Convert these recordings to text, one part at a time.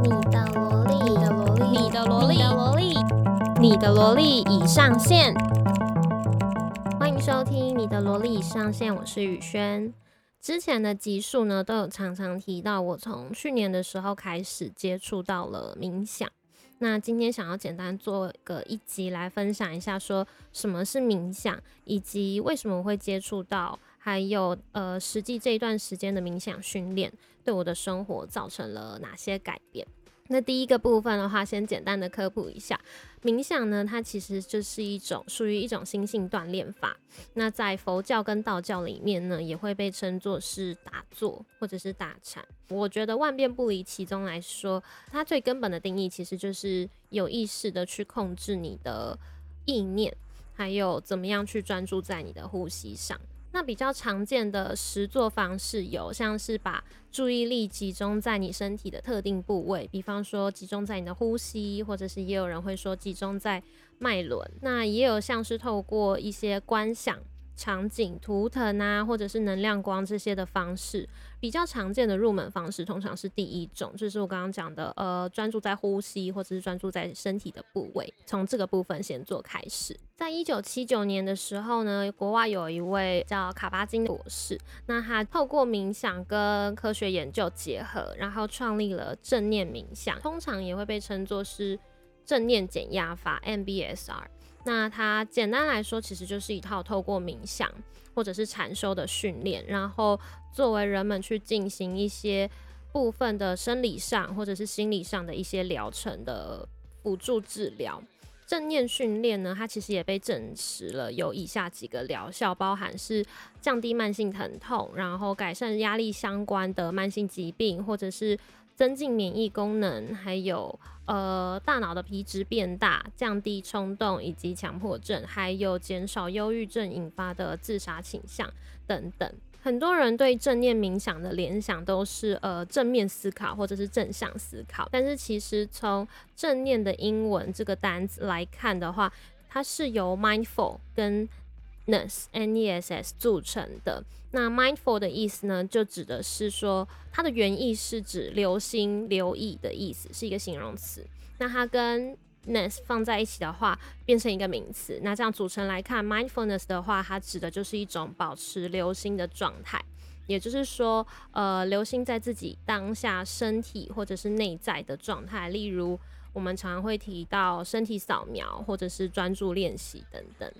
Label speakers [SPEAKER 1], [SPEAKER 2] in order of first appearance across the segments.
[SPEAKER 1] 你的蘿莉，你的蘿莉，你的蘿莉，你的蘿莉，你的蘿莉已上線。歡迎收聽你的蘿莉已上線，我是宇軒。之前的集數呢，都有常常提到我從去年的時候開始接觸到了冥想。那今天想要簡單做個一集來分享一下，說什麼是冥想，以及為什麼會接觸到。還有呃，實際這段時間的冥想訓練對我的生活造成了哪些改變？那第一個部分的話，先簡單的科普一下，冥想呢，它其實就是一種屬於一種心性鍛鍊法。那在佛教跟道教裡面呢，也會被稱作是打坐或者是打禪。我覺得萬變不離其宗來說，它最根本的定義其實就是有意識的去控制你的意念，還有怎麼樣去專注在你的呼吸上。那比較常見的實作方式有，像是把注意力集中在你身體的特定部位，比方說集中在你的呼吸，或者是也有人會說集中在脈輪。那也有像是透過一些觀想。場景、圖騰啊，或者是能量光這些的方式，比較常見的入門方式，通常是第一種，就是我剛剛講的，呃，專注在呼吸或者是專注在身體的部位，從這個部分先做開始。在一九七九年的時候呢，國外有一位叫卡巴金的博士，那他透過冥想跟科學研究結合，然後創立了正念冥想，通常也會被稱作是正念減壓法 （MBSR）。那它簡單來說，其實就是一套透過冥想或者是禪修的訓練，然後作為人們去進行一些部分的生理上或者是心理上的一些療程的輔助治療。正念訓練呢，它其實也被證實了有以下幾個療效，包含是降低慢性疼痛，然後改善壓力相關的慢性疾病，或者是，增進免疫功能，還有呃大腦的皮質變大，降低衝動以及強迫症，還有減少憂鬱症引發的自殺傾向等等。很多人對正念冥想的聯想都是呃正面思考或者是正向思考，但是其實從正念的英文這個單詞來看的話，它是由 mindful 跟 ness n e s s 組成的，那 mindful 的意思呢，就指的是說它的原意是指留心、留意的意思，是一個形容詞。那它跟 ness 放在一起的話，變成一個名詞。那這樣組成來看，mindfulness 的話，它指的就是一種保持留心的狀態，也就是說，呃，留心在自己當下身體或者是內在的狀態，例如我們常常會提到身體掃描或者是專注練習等等。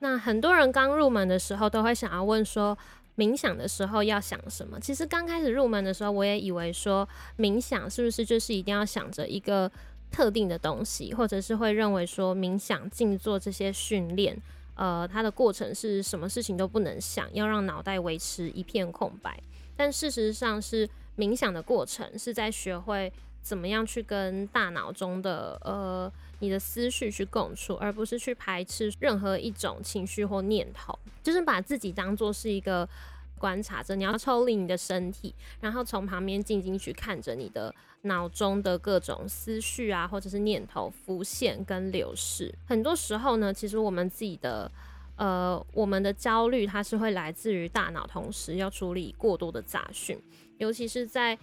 [SPEAKER 1] 那很多人剛入門的時候都會想要問說，冥想的時候要想什麼？其實剛開始入門的時候，我也以為說，冥想是不是就是一定要想着一個特定的東西，或者是會認為說，冥想靜坐這些訓練，呃，它的過程是什麼事情都不能想，要讓腦袋維持一片空白。但事實上是，冥想的過程是在學會。怎麼樣去跟大腦中的呃你的思緒去共處，而不是去排斥任何一種情緒或念頭，就是把自己當做是一個觀察者。你要抽離你的身體，然後從旁邊靜靜去看着你的腦中的各種思緒啊，或者是念頭浮現跟流逝。很多時候呢，其實我們自己的呃我們的焦慮，它是會來自於大腦同時要處理過多的雜訊，尤其是在。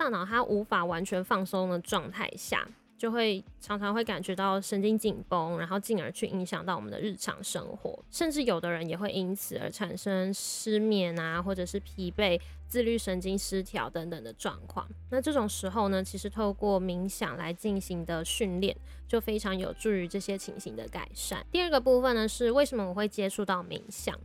[SPEAKER 1] 大腦它無法完全放鬆的狀態下，就會常常會感覺到神經緊繃，然後進而去影響到我們的日常生活，甚至有的人也會因此而產生失眠啊，或者是疲憊、自律神經失調等等的狀況。那這種時候呢，其實透過冥想來進行的訓練，就非常有助於這些情形的改善。第二個部分呢，是為什麼我會接觸到冥想？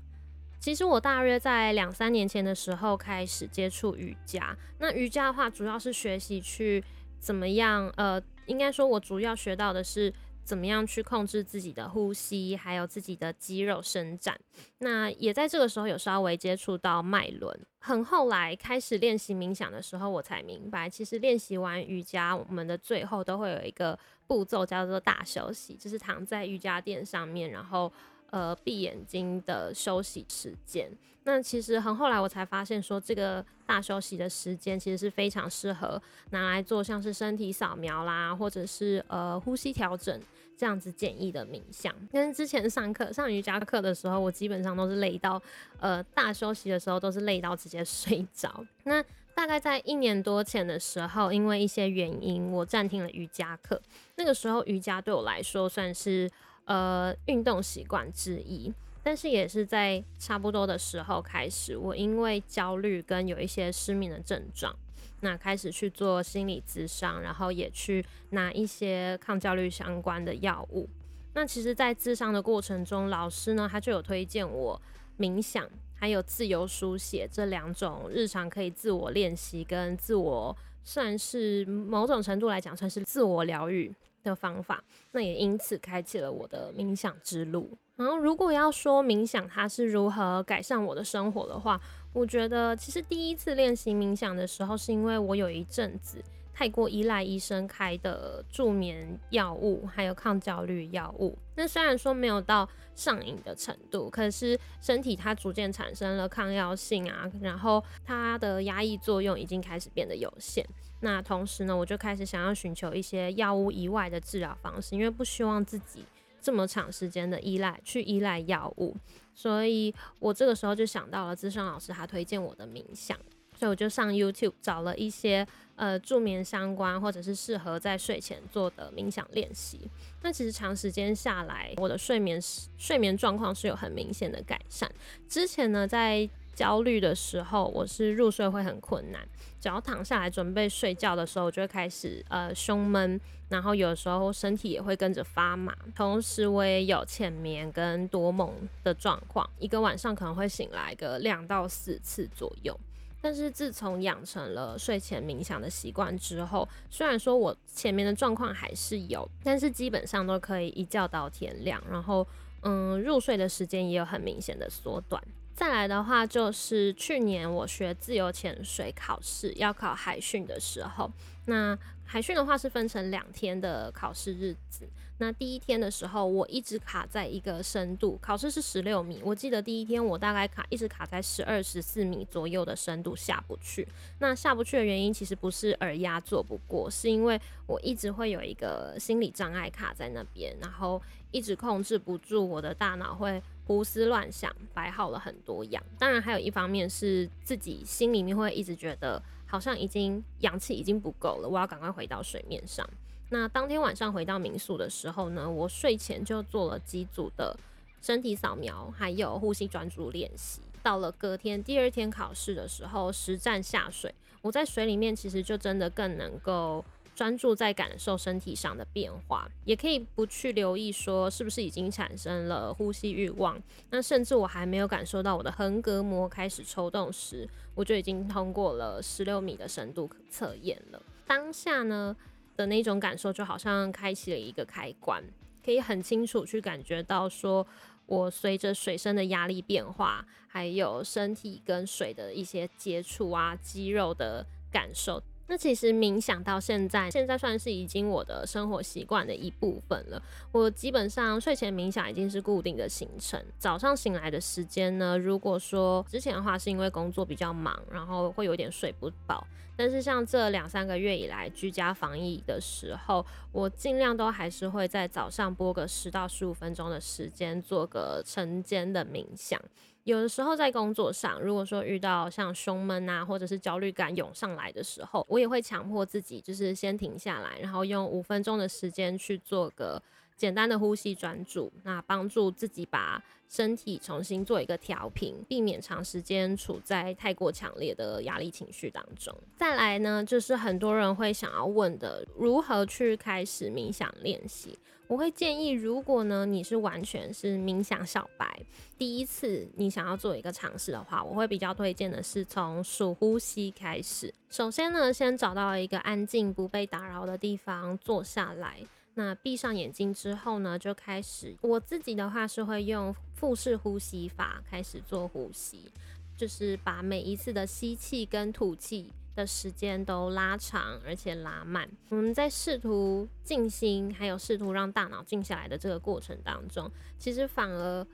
[SPEAKER 1] 其實我大約在兩三年前的時候開始接觸瑜伽。那瑜伽的話，主要是學習去怎麼樣？呃，應該說，我主要學到的是怎麼樣去控制自己的呼吸，還有自己的肌肉伸展。那也在這個時候有稍微接觸到脈輪。很後來開始練習冥想的時候，我才明白，其實練習完瑜伽，我們的最後都會有一個步驟叫做大休息，就是躺在瑜伽墊上面，然後。呃，閉眼睛的休息時間，那其實很後來我才發現，說這個大休息的時間其實是非常適合拿來做像是身體掃描啦，或者是，呃，呼吸調整這樣子簡易的冥想。跟之前上課上瑜伽課的時候，我基本上都是累到，呃，大休息的時候都是累到直接睡着。那大概在一年多前的時候，因為一些原因，我暫停了瑜伽課。那個時候瑜伽對我來說算是。呃，運動習慣之一，但是也是在差不多的時候開始，我因為焦慮跟有一些失眠的症狀，那開始去做心理諮商，然後也去拿一些抗焦慮相關的藥物。那其實，在諮商的過程中，老師呢，他就有推薦我冥想，還有自由書寫這兩種日常可以自我練習跟自我，算是某種程度來講算是自我療癒。的方法，那也因此開啟了我的冥想之路。然後，如果要說冥想它是如何改善我的生活的話，我覺得其實第一次練習冥想的時候，是因為我有一陣子太過依賴醫生開的助眠藥物，還有抗焦慮藥物。那雖然說沒有到上癮的程度，可是身體它逐漸產生了抗藥性啊，然後它的壓抑作用已經開始變得有限。那同時呢，我就開始想要尋求一些藥物以外的治療方式，因為不希望自己這麼長時間的依賴去依賴藥物，所以我這個時候就想到了諮商老師，他推薦我的冥想，所以我就上 YouTube 找了一些呃助眠相關或者是適合在睡前做的冥想練習。那其實長時間下來，我的睡眠睡眠狀況是有很明顯的改善。之前呢，在焦慮的時候，我是入睡會很困難。只要躺下來準備睡覺的時候，我就會開始呃胸悶，然後有時候身體也會跟着發麻。同時，我也有淺眠跟多夢的狀況，一個晚上可能會醒來個兩到四次左右。但是自從養成了睡前冥想的習慣之後，雖然說我淺眠的狀況還是有，但是基本上都可以一覺到天亮，然後嗯入睡的時間也有很明顯的縮短。再來的話，就是去年我學自由潛水考試要考海訓的時候，那海訓的話是分成兩天的考試日子。那第一天的時候，我一直卡在一個深度，考試是十六米。我記得第一天我大概卡一直卡在十二、十四米左右的深度下不去。那下不去的原因其實不是耳壓做不過，是因為我一直會有一個心理障礙卡在那邊，然後一直控制不住我的大腦會胡思亂想，擺好了很多氧。當然，還有一方面是自己心裡面會一直覺得，好像已經氧氣已經不夠了，我要趕快回到水面上。那當天晚上回到民宿的時候呢，我睡前就做了幾組的身體掃描，還有呼吸專注練習。到了隔天第二天考試的時候，實戰下水，我在水裡面其實就真的更能夠。專注在感受身體上的變化，也可以不去留意說是不是已經產生了呼吸慾望。那甚至我還沒有感受到我的橫膈膜開始抽動時，我就已經通過了十六米的深度測驗了。當下呢的那種感受，就好像開啟了一個開關，可以很清楚去感覺到說，我隨着水深的壓力變化，還有身體跟水的一些接觸啊，肌肉的感受。那其實冥想到現在，現在算是已經我的生活習慣的一部分了。我基本上睡前冥想已經是固定的行程。早上醒來的時間呢，如果說之前的話是因為工作比較忙，然後會有點睡不飽。但是像這兩三個月以來居家防疫的時候，我盡量都還是會在早上撥個十到十五分鐘的時間，做個晨間的冥想。有的時候在工作上，如果說遇到像胸悶啊，或者是焦慮感湧上來的時候，我也會強迫自己，就是先停下來，然後用五分鐘的時間去做個。簡單的呼吸專注，那幫助自己把身體重新做一個調頻，避免長時間處在太過強烈的壓力情緒當中。再來呢，就是很多人會想要問的，如何去開始冥想練習？我會建議，如果呢你是完全是冥想小白，第一次你想要做一個嘗試的話，我會比較推薦的是從數呼吸開始。首先呢，先找到一個安靜不被打擾的地方坐下來。那閉上眼睛之後呢，就開始，我自己的話是會用腹式呼吸法開始做呼吸，就是把每一次的吸氣跟吐氣的時間都拉長，而且拉慢。我們在試圖靜心，還有試圖讓大腦靜下來的這個過程當中，其實反而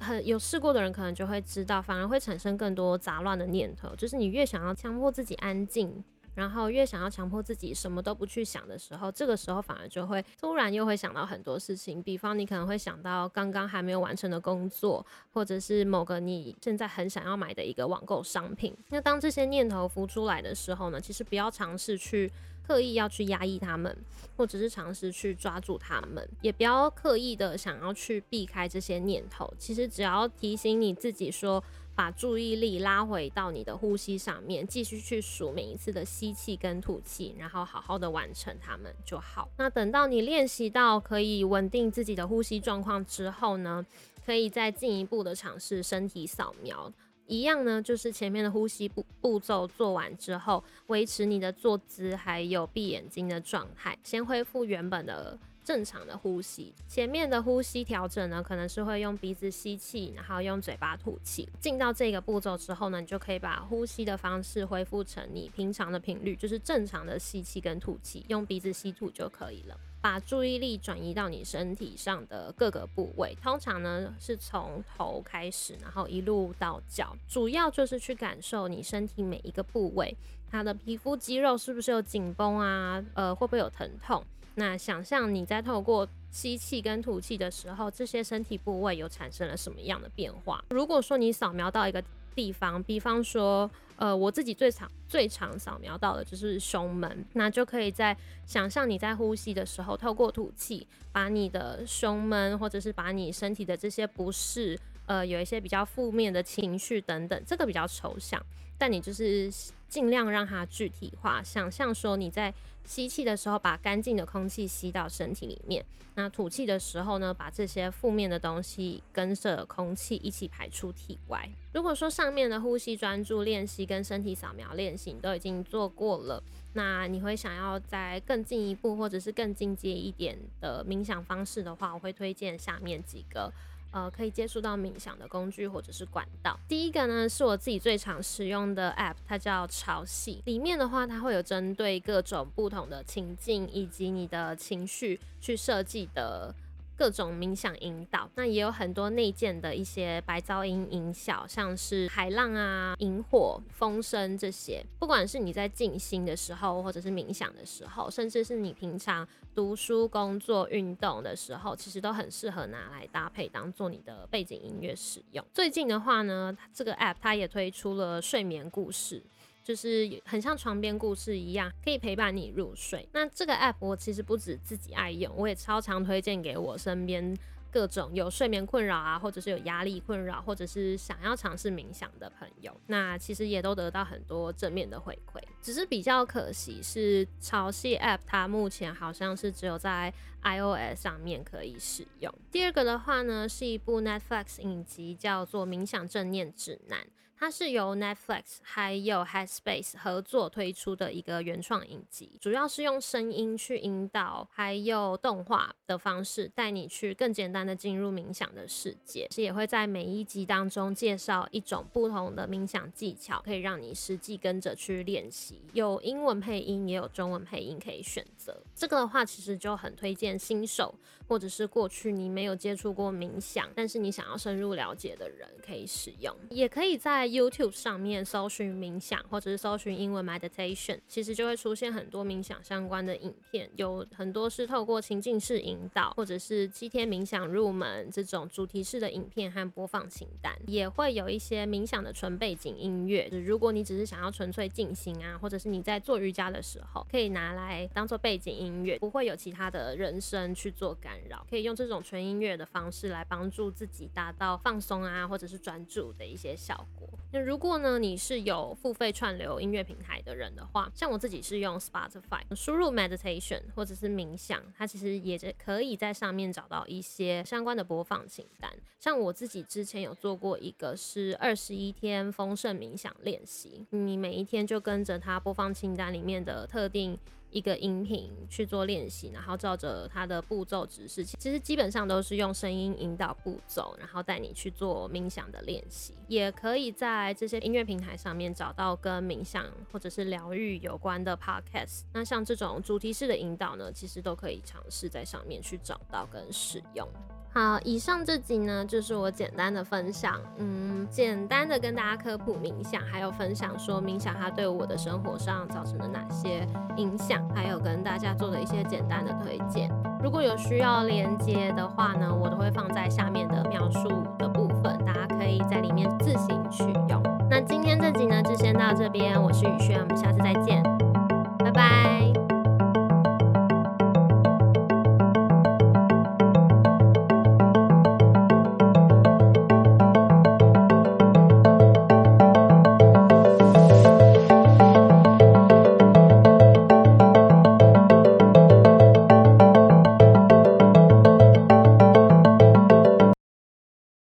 [SPEAKER 1] 很有試過的人可能就會知道，反而會產生更多雜亂的念頭，就是你越想要強迫自己安靜。然後越想要強迫自己什麼都不去想的時候，這個時候反而就會突然又會想到很多事情，比方你可能會想到剛剛還沒有完成的工作，或者是某個你現在很想要買的一個網購商品。那當這些念頭浮出來的時候呢，其實不要嘗試去刻意要去壓抑他們，或者是嘗試去抓住他們，也不要刻意的想要去避開這些念頭。其實只要提醒你自己說。把注意力拉回到你的呼吸上面，繼續去數每一次的吸氣跟吐氣，然後好好的完成它們就好。那等到你練習到可以穩定自己的呼吸狀況之後呢，可以再進一步的嘗試身體掃描。一樣呢，就是前面的呼吸步步驟做完之後，維持你的坐姿還有閉眼睛的狀態，先恢復原本的。正常的呼吸，前面的呼吸調整呢，可能是會用鼻子吸氣，然後用嘴巴吐氣。進到這個步驟之後呢，你就可以把呼吸的方式恢復成你平常的頻率，就是正常的吸氣跟吐氣，用鼻子吸吐就可以了。把注意力轉移到你身體上的各個部位，通常呢是從頭開始，然後一路到腳，主要就是去感受你身體每一個部位，它的皮膚、肌肉是不是有緊繃啊？呃，會不會有疼痛？那想象你在透過吸氣跟吐氣的時候，這些身體部位又產生了什麼樣的變化？如果說你掃描到一個地方，比方說，呃，我自己最常最常掃描到的就是胸悶，那就可以在想象你在呼吸的時候，透過吐氣，把你的胸悶或者是把你身體的這些不適，呃，有一些比較負面的情緒等等，這個比較抽象，但你就是尽量讓它具體化，想象說你在。吸氣的時候，把乾淨的空氣吸到身體裡面；那吐氣的時候呢，把這些負面的東西跟着空氣一起排出體外。如果說上面的呼吸專注練習跟身體掃描練習你都已經做過了，那你會想要再更進一步或者是更進階一點的冥想方式的話，我會推薦下面幾個。呃，可以接觸到冥想的工具或者是管道。第一個呢，是我自己最常使用的 APP，它叫潮汐。裡面的話，它會有針對各種不同的情境以及你的情緒去設計的。各種冥想引導，那也有很多內建的一些白噪音音效，像是海浪啊、營火、風聲這些。不管是你在靜心的時候，或者是冥想的時候，甚至是你平常讀書、工作、運動的時候，其實都很適合拿來搭配，當做你的背景音樂使用。最近的話呢，這個 App 它也推出了睡眠故事。就是很像床邊故事一樣，可以陪伴你入睡。那這個 app 我其實不止自己愛用，我也超常推薦給我身邊各種有睡眠困擾啊，或者是有壓力困擾，或者是想要嘗試冥想的朋友。那其實也都得到很多正面的回饋，只是比較可惜是潮汐 app 它目前好像是只有在 iOS 上面可以使用。第二個的話呢，是一部 Netflix 影集，叫做《冥想正念指南》。它是由 Netflix 還有 Headspace 合作推出的一個原創影集，主要是用聲音去引導，還有動畫的方式帶你去更簡單的進入冥想的世界。其實也會在每一集當中介紹一種不同的冥想技巧，可以讓你實際跟着去練習。有英文配音，也有中文配音可以選擇。這個的話，其實就很推薦新手或者是過去你沒有接觸過冥想，但是你想要深入了解的人可以使用，也可以在 YouTube 上面搜尋冥想，或者是搜尋英文 meditation，其實就會出現很多冥想相關的影片，有很多是透過情境式引導，或者是七天冥想入門這種主題式的影片和播放清單，也會有一些冥想的純背景音樂。就是、如果你只是想要純粹靜心啊，或者是你在做瑜伽的時候，可以拿來當做背景音樂，不會有其他的人聲去做干擾，可以用這種純音樂的方式來幫助自己達到放鬆啊，或者是專注的一些效果。那如果呢，你是有付費串流音樂平台的人的話，像我自己是用 Spotify，輸入 meditation 或者是冥想，它其實也可以在上面找到一些相關的播放清單。像我自己之前有做過一個是二十一天豐盛冥想練習，你每一天就跟着它播放清單裡面的特定。一個音頻去做練習，然後照着它的步驟指示，其實基本上都是用聲音引導步驟，然後帶你去做冥想的練習。也可以在這些音樂平台上面找到跟冥想或者是療癒有關的 podcast。那像這種主題式的引導呢，其實都可以嘗試在上面去找到跟使用。好，以上這集呢，就是我簡單的分享，嗯，簡單的跟大家科普冥想，還有分享說冥想它對我的生活上造成了哪些影響，還有跟大家做的一些簡單的推薦。如果有需要連接的話呢，我都會放在下面的描述的部分，大家可以在裡面自行取用。那今天這集呢，就先到這邊，我是雨軒，我們下次再見，拜拜。